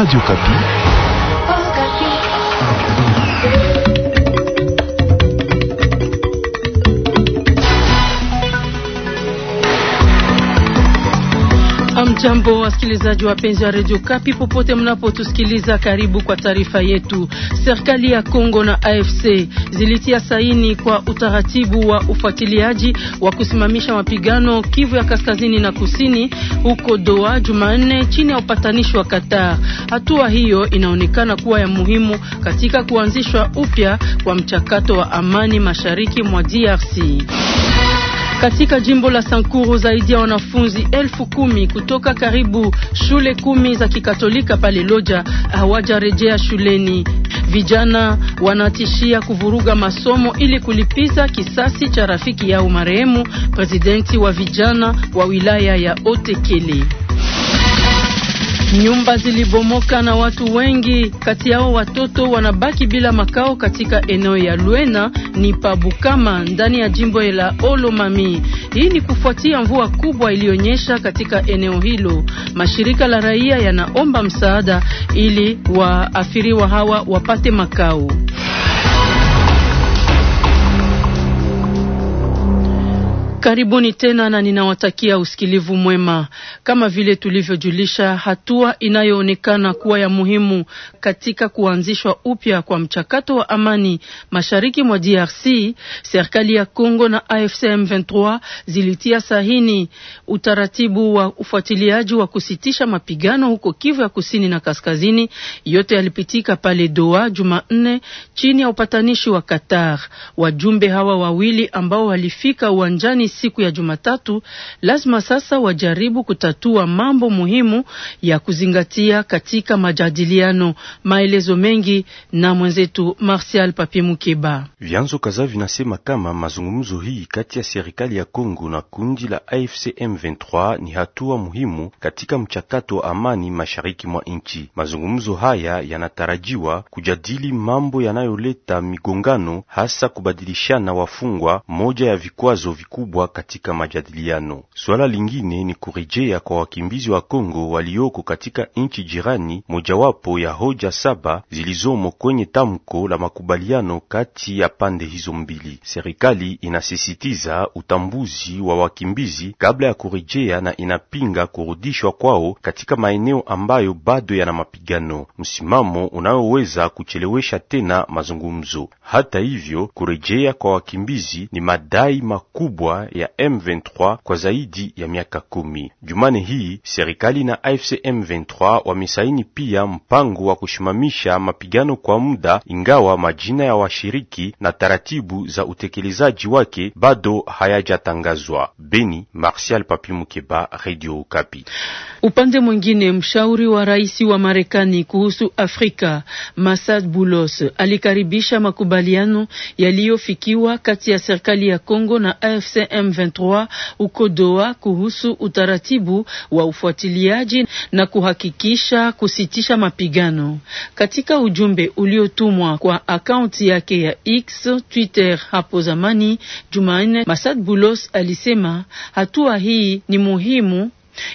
Radio Kapi. jambo wasikilizaji wapenzi wa redio Kapi popote mnapotusikiliza, karibu kwa taarifa yetu. Serikali ya Kongo na AFC zilitia saini kwa utaratibu wa ufuatiliaji wa kusimamisha mapigano Kivu ya kaskazini na kusini huko Doha Jumanne, chini ya upatanishi wa Qatar. Hatua hiyo inaonekana kuwa ya muhimu katika kuanzishwa upya kwa mchakato wa amani mashariki mwa DRC. Katika jimbo la Sankuru zaidi ya wanafunzi elfu kumi kutoka karibu shule kumi za Kikatolika pale Loja hawajarejea shuleni. Vijana wanatishia kuvuruga masomo ili kulipiza kisasi cha rafiki yao marehemu presidenti wa vijana wa wilaya ya Otekele. Nyumba zilibomoka na watu wengi kati yao watoto wanabaki bila makao katika eneo ya Luena ni Pabukama ndani ya jimbo la Olomami. Hii ni kufuatia mvua kubwa iliyonyesha katika eneo hilo. Mashirika la raia yanaomba msaada ili waathiriwa hawa wapate makao. Karibuni tena na ninawatakia usikilivu mwema. Kama vile tulivyojulisha, hatua inayoonekana kuwa ya muhimu katika kuanzishwa upya kwa mchakato wa amani mashariki mwa DRC, serikali ya Kongo na AFC M23 zilitia sahini utaratibu wa ufuatiliaji wa kusitisha mapigano huko Kivu ya Kusini na Kaskazini. Yote yalipitika pale Doha Jumanne chini ya upatanishi wa Qatar. Wajumbe hawa wawili ambao walifika uwanjani siku ya Jumatatu, lazima sasa wajaribu kutatua mambo muhimu ya kuzingatia katika majadiliano. Maelezo mengi na mwenzetu Martial Papi Mukeba. Vyanzo kadhaa vinasema kama mazungumzo hii kati ya serikali ya Kongo na kundi la AFC M23 ni hatua muhimu katika mchakato wa amani mashariki mwa nchi. Mazungumzo haya yanatarajiwa kujadili mambo yanayoleta migongano, hasa kubadilishana wafungwa, moja ya vikwazo vikubwa kubwa katika majadiliano. Swala lingine ni kurejea kwa wakimbizi wa Kongo walioko katika nchi jirani, mojawapo ya hoja saba zilizomo kwenye tamko la makubaliano kati ya pande hizo mbili. Serikali inasisitiza utambuzi wa wakimbizi kabla ya kurejea na inapinga kurudishwa kwao katika maeneo ambayo bado yana mapigano, msimamo unayoweza kuchelewesha tena mazungumzo. Hata hivyo, kurejea kwa wakimbizi ni madai makubwa ya M23 kwa zaidi ya miaka kumi. Jumani hii serikali na AFC M23 wamesaini pia mpango wa kushimamisha mapigano kwa muda, ingawa majina ya washiriki na taratibu za utekelezaji wake bado hayajatangazwa. Beni, Martial Papi Mukeba, Radio Okapi. Upande mwingine, mshauri wa rais wa Marekani kuhusu Afrika Massad Boulos alikaribisha makubaliano yaliyofikiwa kati ya serikali ya Kongo na AFC M23 uko Doha kuhusu utaratibu wa ufuatiliaji na kuhakikisha kusitisha mapigano. Katika ujumbe uliotumwa kwa akaunti yake ya X Twitter hapo zamani Jumanne, Masad Bulos alisema hatua hii ni muhimu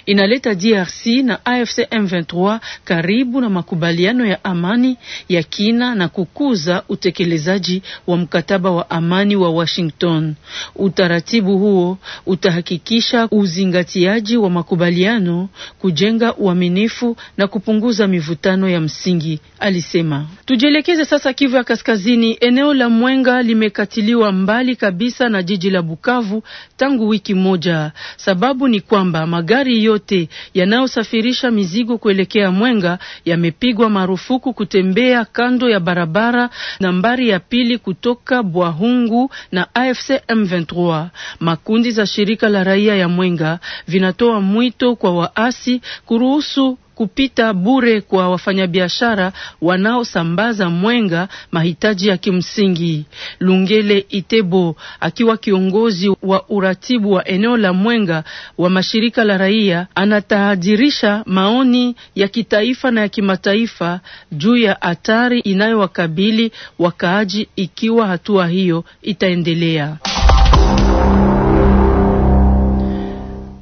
inaleta DRC na AFC M23 karibu na makubaliano ya amani ya kina na kukuza utekelezaji wa mkataba wa amani wa Washington. Utaratibu huo utahakikisha uzingatiaji wa makubaliano, kujenga uaminifu na kupunguza mivutano ya msingi, alisema. Tujielekeze sasa Kivu ya Kaskazini. Eneo la Mwenga limekatiliwa mbali kabisa na jiji la Bukavu tangu wiki moja. Sababu ni kwamba magari magari yote yanayosafirisha mizigo kuelekea Mwenga yamepigwa marufuku kutembea kando ya barabara nambari ya pili kutoka Bwahungu na AFC M23. Makundi za shirika la raia ya Mwenga vinatoa mwito kwa waasi kuruhusu kupita bure kwa wafanyabiashara wanaosambaza mwenga mahitaji ya kimsingi. Lungele Itebo akiwa kiongozi wa uratibu wa eneo la mwenga wa mashirika la raia anatahajirisha maoni ya kitaifa na ya kimataifa juu ya hatari inayowakabili wakaaji ikiwa hatua hiyo itaendelea.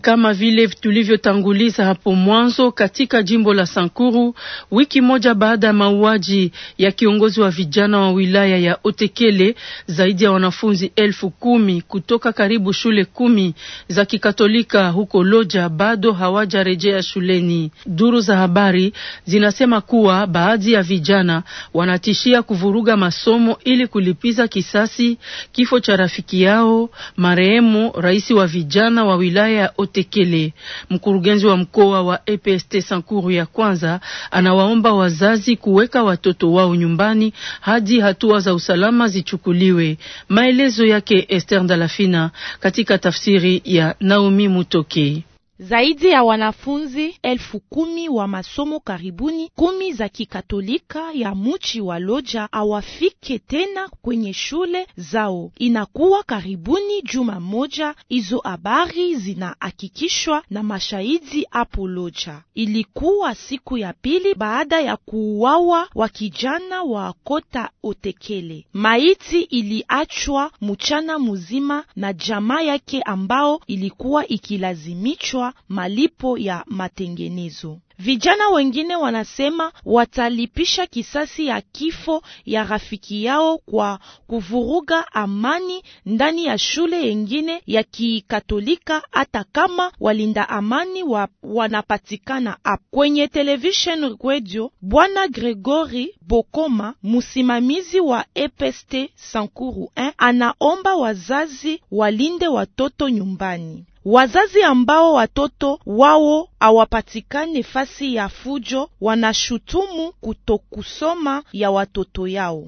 Kama vile tulivyotanguliza hapo mwanzo, katika jimbo la Sankuru, wiki moja baada ya mauaji ya kiongozi wa vijana wa wilaya ya Otekele, zaidi ya wanafunzi elfu kumi kutoka karibu shule kumi za Kikatolika huko Loja bado hawajarejea shuleni. Duru za habari zinasema kuwa baadhi ya vijana wanatishia kuvuruga masomo ili kulipiza kisasi kifo cha rafiki yao marehemu rais wa vijana wa wilaya ya Tekele. Mkurugenzi wa mkoa wa EPST Sankuru ya kwanza anawaomba wazazi kuweka watoto wao nyumbani hadi hatua za usalama zichukuliwe. Maelezo yake Esther Dalafina katika tafsiri ya Naomi Mutoke. Zaidi ya wanafunzi elfu kumi wa masomo karibuni kumi za kikatolika ya muchi wa Loja awafike tena kwenye shule zao, inakuwa karibuni juma moja. Hizo habari zinahakikishwa na mashahidi hapo Loja. Ilikuwa siku ya pili baada ya kuuawa wa kijana wa Kota Otekele. Maiti iliachwa mchana mzima na jamaa yake ambao ilikuwa ikilazimichwa malipo ya matengenezo. Vijana wengine wanasema watalipisha kisasi ya kifo ya rafiki yao kwa kuvuruga amani ndani ya shule yengine ya Kikatolika, hata kama walinda amani wa wanapatikana ap. Kwenye television radio, Bwana Gregory Bokoma, msimamizi wa EPST Sankuru 1, eh, anaomba wazazi walinde watoto nyumbani. Wazazi ambao watoto wao hawapatikani fasi ya fujo wanashutumu kutokusoma ya watoto yao.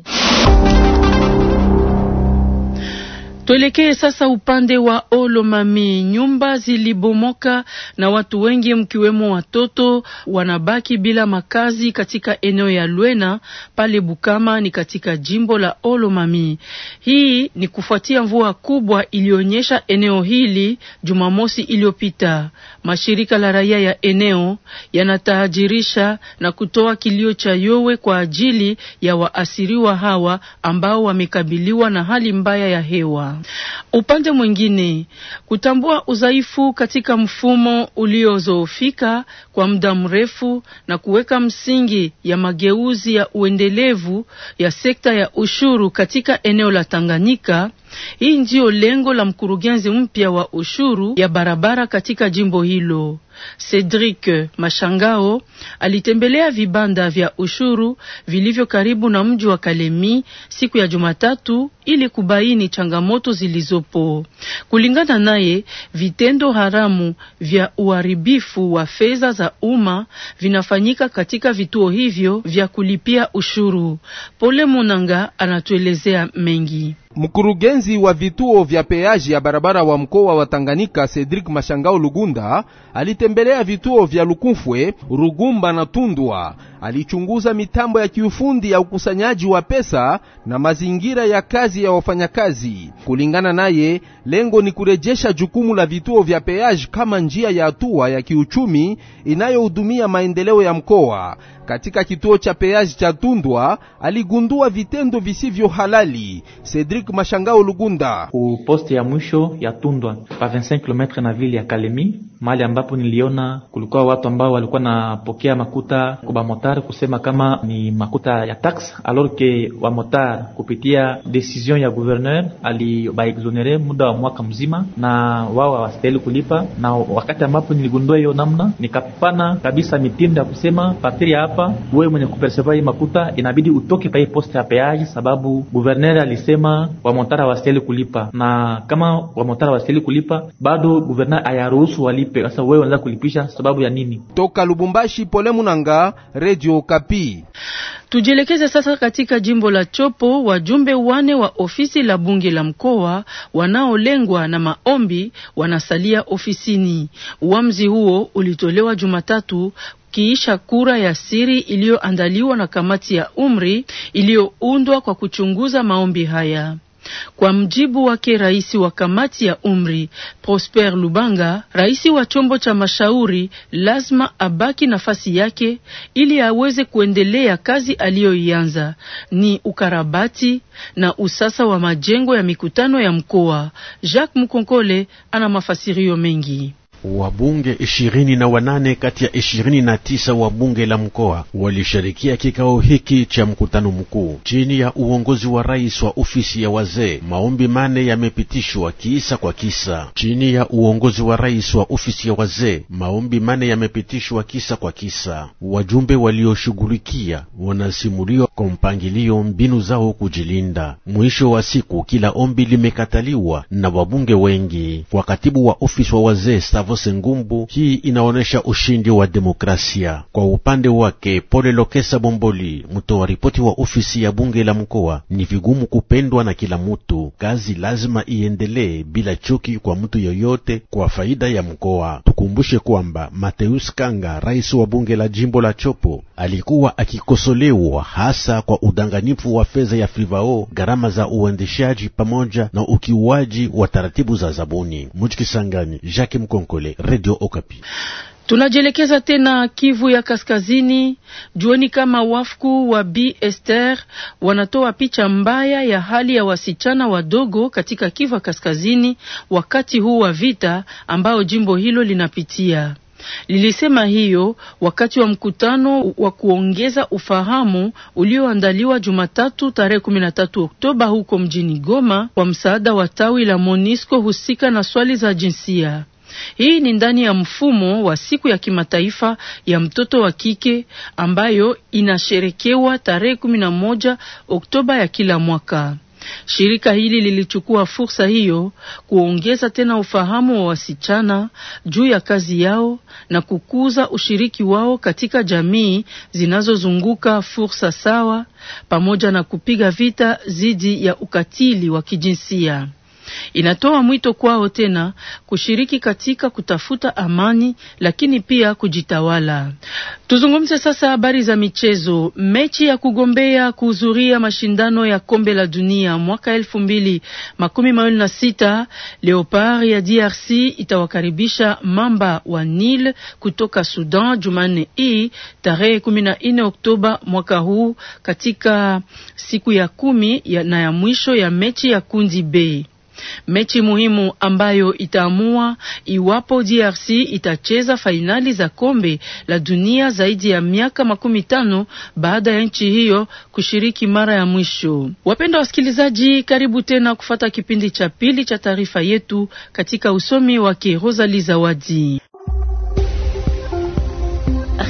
Tuelekee sasa upande wa Olomami. Nyumba zilibomoka na watu wengi mkiwemo watoto wanabaki bila makazi katika eneo ya Lwena pale Bukama ni katika jimbo la Olomami. Hii ni kufuatia mvua kubwa iliyonyesha eneo hili Jumamosi iliyopita. Mashirika la raia ya eneo yanatajirisha na kutoa kilio cha yowe kwa ajili ya waasiriwa hawa ambao wamekabiliwa na hali mbaya ya hewa. Upande mwingine, kutambua udhaifu katika mfumo uliozoofika kwa muda mrefu na kuweka msingi ya mageuzi ya uendelevu ya sekta ya ushuru katika eneo la Tanganyika hii ndiyo lengo la mkurugenzi mpya wa ushuru ya barabara katika jimbo hilo. Cedric Mashangao alitembelea vibanda vya ushuru vilivyo karibu na mji wa Kalemi siku ya Jumatatu ili kubaini changamoto zilizopo. Kulingana naye, vitendo haramu vya uharibifu wa fedha za umma vinafanyika katika vituo hivyo vya kulipia ushuru. Pole Munanga anatuelezea mengi. Mkurugenzi wa vituo vya peaji ya barabara wa mkoa wa Tanganyika Cedric Mashangao Lugunda alitembelea vituo vya lukufwe Rugumba na Tundwa. Alichunguza mitambo ya kiufundi ya ukusanyaji wa pesa na mazingira ya kazi ya wafanyakazi. Kulingana naye, lengo ni kurejesha jukumu la vituo vya peaji kama njia ya hatua ya kiuchumi inayohudumia maendeleo ya mkoa katika kituo cha peage cha Tundwa aligundua vitendo visivyo halali. Cedric Mashangao Lugunda, ku poste ya mwisho ya Tundwa pa 25 km na vile ya Kalemi, mahali ambapo niliona kulikuwa watu ambao walikuwa napokea makuta kwa bamotar kusema kama ni makuta ya tax, alors que wamotar kupitia decision ya gouverneur alibaexonere muda wa mwaka mzima, na wao hawastahili kulipa. Na wakati ambapo niligundua hiyo namna, nikapana kabisa mitindo ya kusema patria hapa hapa, wewe mwenye kuperseva hii makuta inabidi utoke pa hii poste ya peage, sababu guverner alisema wamontara wasiteli kulipa, na kama wamontara wasiteli kulipa bado guverner ayaruhusu walipe. Sasa wewe unaanza kulipisha sababu ya nini? Toka Lubumbashi, Pole Munanga, Radio Kapi. Tujielekeze sasa katika jimbo la Chopo. Wajumbe wane wa ofisi la bunge la mkoa wanaolengwa na maombi wanasalia ofisini. Uamuzi huo ulitolewa Jumatatu kiisha kura ya siri iliyoandaliwa na kamati ya umri iliyoundwa kwa kuchunguza maombi haya. Kwa mjibu wake rais wa kamati ya umri Prosper Lubanga, rais wa chombo cha mashauri lazima abaki nafasi yake ili aweze kuendelea kazi aliyoianza, ni ukarabati na usasa wa majengo ya mikutano ya mkoa. Jacques Mukonkole ana mafasirio mengi. Wabunge ishirini na wanane kati ya ishirini na tisa wa bunge la mkoa walishirikia kikao hiki cha mkutano mkuu chini ya uongozi wa rais wa ofisi ya wazee. Maombi mane yamepitishwa kisa kwa kisa chini ya uongozi wa rais wa ofisi ya wazee. Maombi mane yamepitishwa kisa kwa kisa. Wajumbe walioshughulikia wanasimuliwa kwa mpangilio mbinu zao kujilinda. Mwisho wa siku, kila ombi limekataliwa na wabunge wengi. Kwa katibu wa ofisi wa wazee Stavos Ngumbu, hii inaonyesha ushindi wa demokrasia. Kwa upande wake, Pole Lokesa Bomboli, mtoa ripoti wa ofisi ya bunge la mkoa, ni vigumu kupendwa na kila mtu. Kazi lazima iendelee bila chuki kwa mtu yoyote, kwa faida ya mkoa. Tukumbushe kwamba Mateus Kanga, rais wa bunge la jimbo la Chopo, alikuwa akikosolewa hasa kabisa kwa udanganyifu wa fedha ya FIVAO, gharama za uendeshaji pamoja na ukiuaji wa taratibu za zabuni. Mujikisangani, Jacques Mkonkole, Radio Okapi. Tunajielekeza tena Kivu ya Kaskazini. Jueni kama wafuku wa B Esther wanatoa picha mbaya ya hali ya wasichana wadogo katika Kivu ya Kaskazini wakati huu wa vita ambao jimbo hilo linapitia lilisema hiyo wakati wa mkutano wa kuongeza ufahamu ulioandaliwa Jumatatu tarehe 13 Oktoba huko mjini Goma kwa msaada wa tawi la monisco husika na swali za jinsia. Hii ni ndani ya mfumo wa siku ya kimataifa ya mtoto wa kike ambayo inasherekewa tarehe 11 Oktoba ya kila mwaka. Shirika hili lilichukua fursa hiyo kuongeza tena ufahamu wa wasichana juu ya kazi yao na kukuza ushiriki wao katika jamii zinazozunguka fursa sawa pamoja na kupiga vita dhidi ya ukatili wa kijinsia. Inatoa mwito kwao tena kushiriki katika kutafuta amani, lakini pia kujitawala. Tuzungumze sasa habari za michezo. Mechi ya kugombea kuhudhuria mashindano ya kombe la dunia mwaka elfu mbili makumi mawili na sita Leopard ya DRC itawakaribisha mamba wa Nil kutoka Sudan Jumanne hii tarehe kumi na nne Oktoba mwaka huu katika siku ya kumi ya na ya mwisho ya mechi ya kundi bei mechi muhimu ambayo itaamua iwapo DRC itacheza fainali za kombe la dunia zaidi ya miaka makumi tano baada ya nchi hiyo kushiriki mara ya mwisho. Wapenda wasikilizaji, karibu tena kufata kipindi cha pili cha taarifa yetu katika usomi wake Rosalie Zawadi.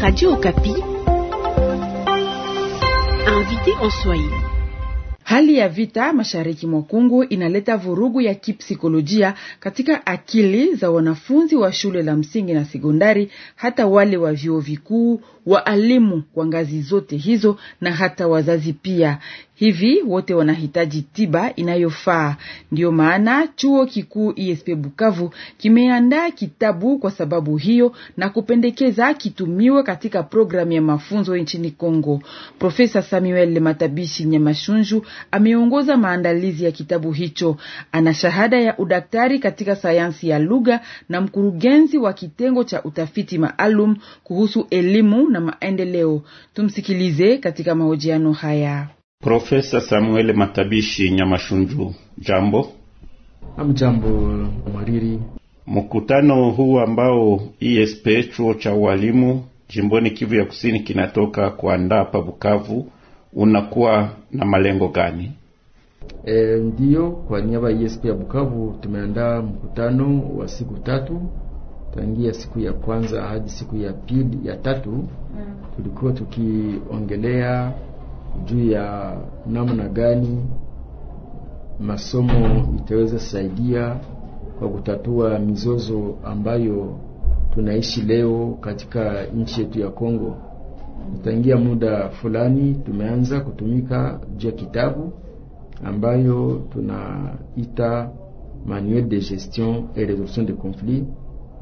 Radio Okapi, invité en Swahili. Hali ya vita mashariki mwa Kongo inaleta vurugu ya kipsikolojia katika akili za wanafunzi wa shule la msingi na sekondari, hata wale wa vyuo vikuu, waalimu kwa ngazi zote hizo na hata wazazi pia. Hivi wote wanahitaji tiba inayofaa. Ndiyo maana chuo kikuu ISP e Bukavu kimeandaa kitabu kwa sababu hiyo na kupendekeza kitumiwe katika programu ya mafunzo nchini Kongo. Profesa Samuel Matabishi Nyamashunju ameongoza maandalizi ya kitabu hicho. Ana shahada ya udaktari katika sayansi ya lugha na mkurugenzi wa kitengo cha utafiti maalum kuhusu elimu na maendeleo. Tumsikilize katika mahojiano haya. Profesa Samuel Matabishi Nyamashunju, jambo. Amjambo Mariri. Mkutano huu ambao ESP chuo cha walimu jimboni Kivu ya Kusini kinatoka kuandaa hapa Bukavu unakuwa na malengo gani? E, ndiyo kwa niaba ya ESP ya Bukavu tumeandaa mkutano wa siku tatu tangia siku ya kwanza hadi siku ya pili ya tatu mm. tulikuwa tukiongelea juu ya namna gani masomo itaweza saidia kwa kutatua mizozo ambayo tunaishi leo katika nchi yetu ya Kongo. Tangia muda fulani tumeanza kutumika juu ya kitabu ambayo tunaita Manuel de gestion et résolution de conflits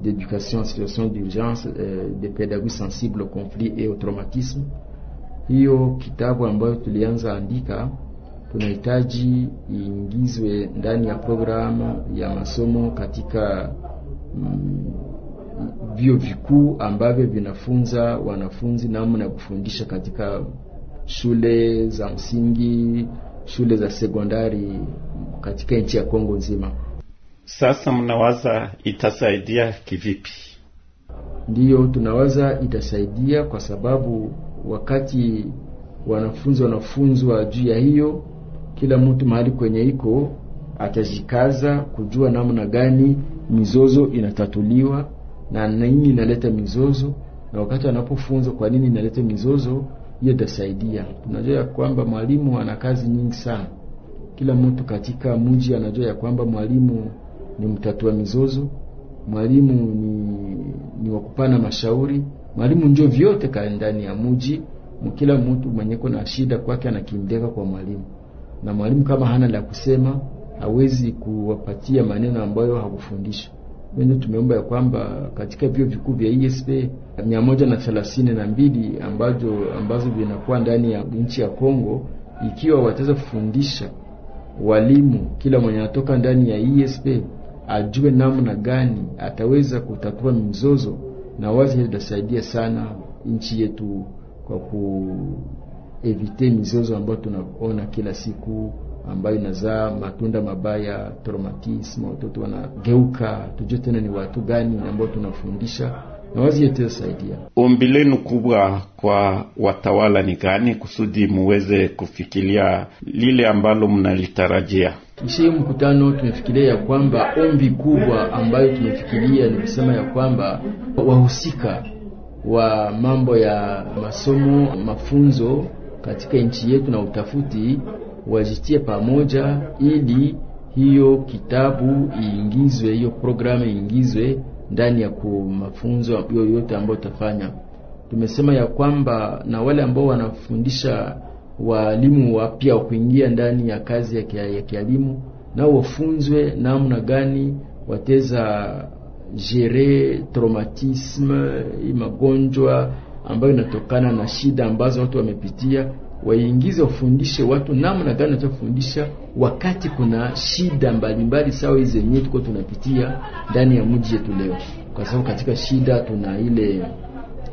d'éducation en situation d'urgence, euh, de pédagogie sensible au conflit et au traumatisme. Hiyo kitabu ambayo tulianza andika tunahitaji iingizwe ndani ya programu ya masomo katika mm, vikuu ambavyo vinafunza wanafunzi namna ya kufundisha katika shule za msingi, shule za sekondari katika nchi ya Kongo nzima. Sasa mnawaza itasaidia kivipi? Ndiyo, tunawaza itasaidia kwa sababu wakati wanafunzi wanafunzwa juu ya hiyo, kila mtu mahali kwenye iko atajikaza kujua namna gani mizozo inatatuliwa na nini inaleta mizozo, na wakati wanapofunzwa kwa nini inaleta mizozo hiyo, itasaidia. Tunajua ya kwamba mwalimu ana kazi nyingi sana, kila mtu katika mji anajua ya kwamba mwalimu ni mtatua mizozo, mwalimu ni, ni wakupana mashauri. Mwalimu njo vyote ka ndani ya muji, kila mtu mwenye kuna shida kwake anakimdeka kwa mwalimu, na mwalimu kama hana la kusema hawezi kuwapatia maneno ambayo hakufundisha. Ndio tumeomba ya kwamba katika vyuo vikuu vya ISP e mia moja na thelathini na mbili ambazo, ambazo vinakuwa ndani ya nchi ya Kongo, ikiwa wataweza kufundisha walimu kila mwenye anatoka ndani ya ISP e ajue namna gani ataweza kutatua mizozo, na wazi itasaidia sana nchi yetu kwa kuevite mizozo ambayo tunaona kila siku ambayo inazaa matunda mabaya, traumatisme, watoto wanageuka. Tujue tena ni watu gani ambao tunafundisha na wazi itasaidia. Ombi lenu kubwa kwa watawala ni gani kusudi muweze kufikilia lile ambalo mnalitarajia? Kisha hiyo mkutano tumefikiria ya kwamba ombi kubwa ambayo tumefikiria ni kusema ya kwamba wahusika wa mambo ya masomo, mafunzo katika nchi yetu na utafuti wajitie pamoja, ili hiyo kitabu iingizwe, hiyo programu iingizwe ndani ya mafunzo yoyote ambayo utafanya. Tumesema ya kwamba na wale ambao wanafundisha waalimu wapya kuingia ndani ya kazi ya kialimu, nao wafunzwe namna gani wateza gere traumatisme, magonjwa ambayo inatokana na shida ambazo watu wamepitia waingize wafundishe watu namna gani watafundisha wakati kuna shida mbalimbali sawa hizi zenyewe tuko tunapitia ndani ya mji yetu leo, kwa sababu katika shida tuna ile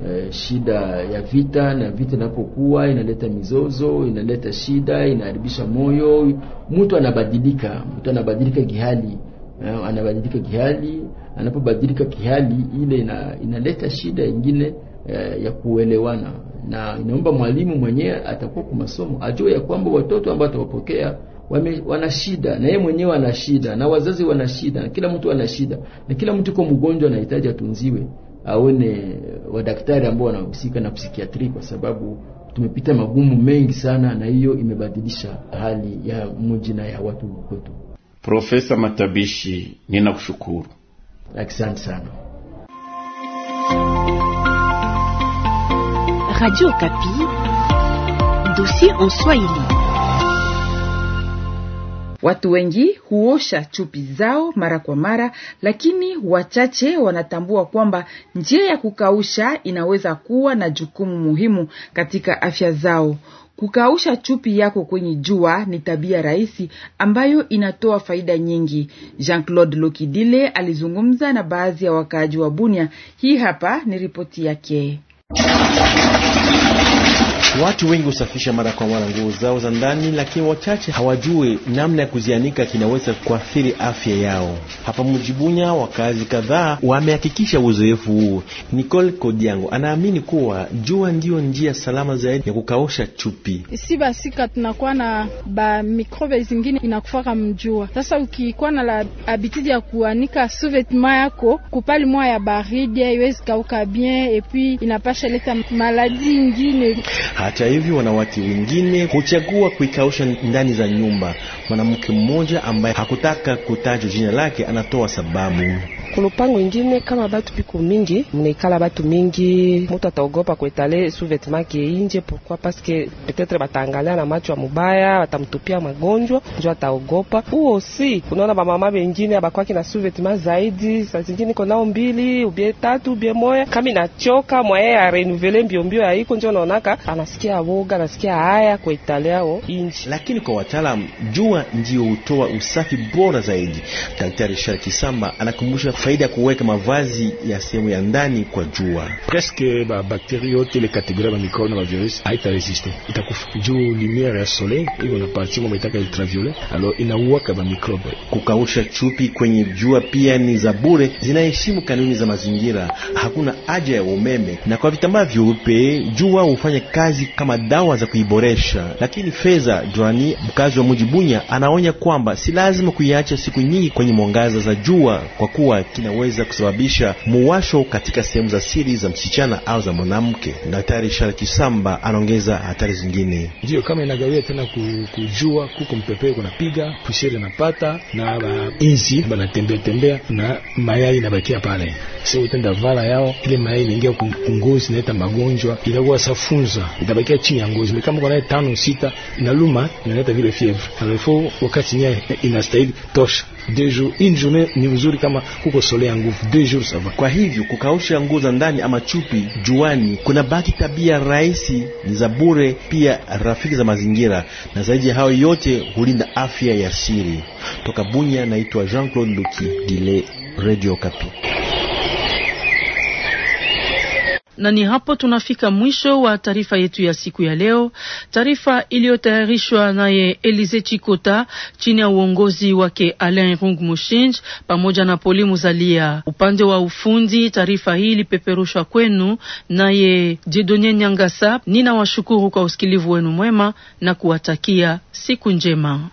Eh, shida ya vita, na vita inapokuwa inaleta mizozo, inaleta shida, inaharibisha moyo. Mtu anabadilika, mtu anabadilika kihali eh, anabadilika kihali. Anapobadilika kihali ile ina, inaleta shida ingine e, ya kuelewana, na inaomba mwalimu mwenyewe atakuwa kwa masomo ajue ya kwamba watoto ambao atawapokea wana shida na yeye mwenyewe ana shida na wazazi wana shida na kila mtu ana shida na kila mtu uko mgonjwa, anahitaji atunziwe aone wadaktari ambao wanahusika na psikiatri, kwa sababu tumepita magumu mengi sana, na hiyo imebadilisha hali ya mji na ya watu kwetu. Profesa Matabishi, ninakushukuru, asante sana. Radio Kapi, dossier en Swahili. Watu wengi huosha chupi zao mara kwa mara, lakini wachache wanatambua kwamba njia ya kukausha inaweza kuwa na jukumu muhimu katika afya zao. Kukausha chupi yako kwenye jua ni tabia rahisi ambayo inatoa faida nyingi. Jean-Claude Lokidile alizungumza na baadhi ya wakaaji wa Bunia. Hii hapa ni ripoti yake. Watu wengi husafisha mara kwa mara nguo zao za ndani, lakini wachache hawajui namna ya kuzianika kinaweza kuathiri afya yao. Hapa Mujibunya, wakazi kadhaa wamehakikisha uzoefu huu. Nicole Kodiango anaamini kuwa jua ndiyo njia salama zaidi ya kukausha chupi. Si basika tunakuwa na ba mikrobe zingine inakufaka mjua. Sasa ukikuwa na la abitidi ya kuanika suvetma yako kupali mwa ya baridi, iwezi kauka bien epui inapasha leta maladi ingine hata hivyo, wanawake wengine huchagua kuikausha ndani za nyumba. Mwanamke mmoja ambaye hakutaka kutajwa jina lake anatoa sababu. Kulupango ingine kama batu piku mingi, mnaikala batu mingi, mutu ataogopa kuetale sous-vêtement suvetemake inje. Pourquoi? Parce que peut-être bataangalia na macho ya mubaya, batamtupia magonjwa, njo ataogopa huo. Si unaona bamama bengine abakwaki na sous-vêtement zaidi, saa zingine nao mbili ubie tatu ubie moya, kama inachoka mwaye arenuvele mbiombio yaiko, njo naonaka anasikia woga, anasikia haya kuetaleao inje. Lakini kwa wataalamu, jua ndio hutoa usafi bora zaidi. Daktari Sharki Samba anakumbusha faida ya kuweka mavazi ya sehemu ya ndani kwa jua. Presque ba bakteria yote ile kategoria ya microbe na virus haita resiste, itakufa juu lumiere ya soleil iko na parti moja itaka ultraviolet, alo inaua kama microbe. Kukausha chupi kwenye jua pia ni za bure, zinaheshimu kanuni za mazingira. Hakuna haja ya umeme, na kwa vitambaa vyeupe jua hufanya kazi kama dawa za kuiboresha. Lakini Fedha Joani, mkazi wa muji Bunya, anaonya kwamba si lazima kuiacha siku nyingi kwenye mwangaza za jua kwa kuwa kinaweza kusababisha muwasho katika sehemu za siri za msichana au za mwanamke. Daktari Richard Kisamba anaongeza hatari zingine. Ndio kama inagawia tena kujua kuko mpepeo kunapiga pusheri napata na ba inzi banatembea tembea na mayai inabakia pale, sio utenda vala yao, ile mayai inaingia kungozi, inaleta magonjwa inakuwa safunza itabakia chini ya ngozi, kama kuna tano sita inaluma inaleta vile fievre alafu wakati nia inastahili tosha dejo injume ni mzuri kama kuko kukosolea nguvu deux jours va. Kwa hivyo kukausha nguo za ndani ama chupi juani kuna baki tabia rahisi ni za bure, pia rafiki za mazingira, na zaidi ya hayo yote hulinda afya ya siri. Toka Bunya, naitwa Jean Claude Luki Dile, Radio Kapi na ni hapo tunafika mwisho wa taarifa yetu ya siku ya leo, taarifa iliyotayarishwa naye Elize Chikota chini ya uongozi wake Alain Rung Mushinj pamoja na Poli Muzalia. Upande wa ufundi, taarifa hii ilipeperushwa kwenu naye jedonie Nyangasa. Ninawashukuru kwa usikilivu wenu mwema na kuwatakia siku njema.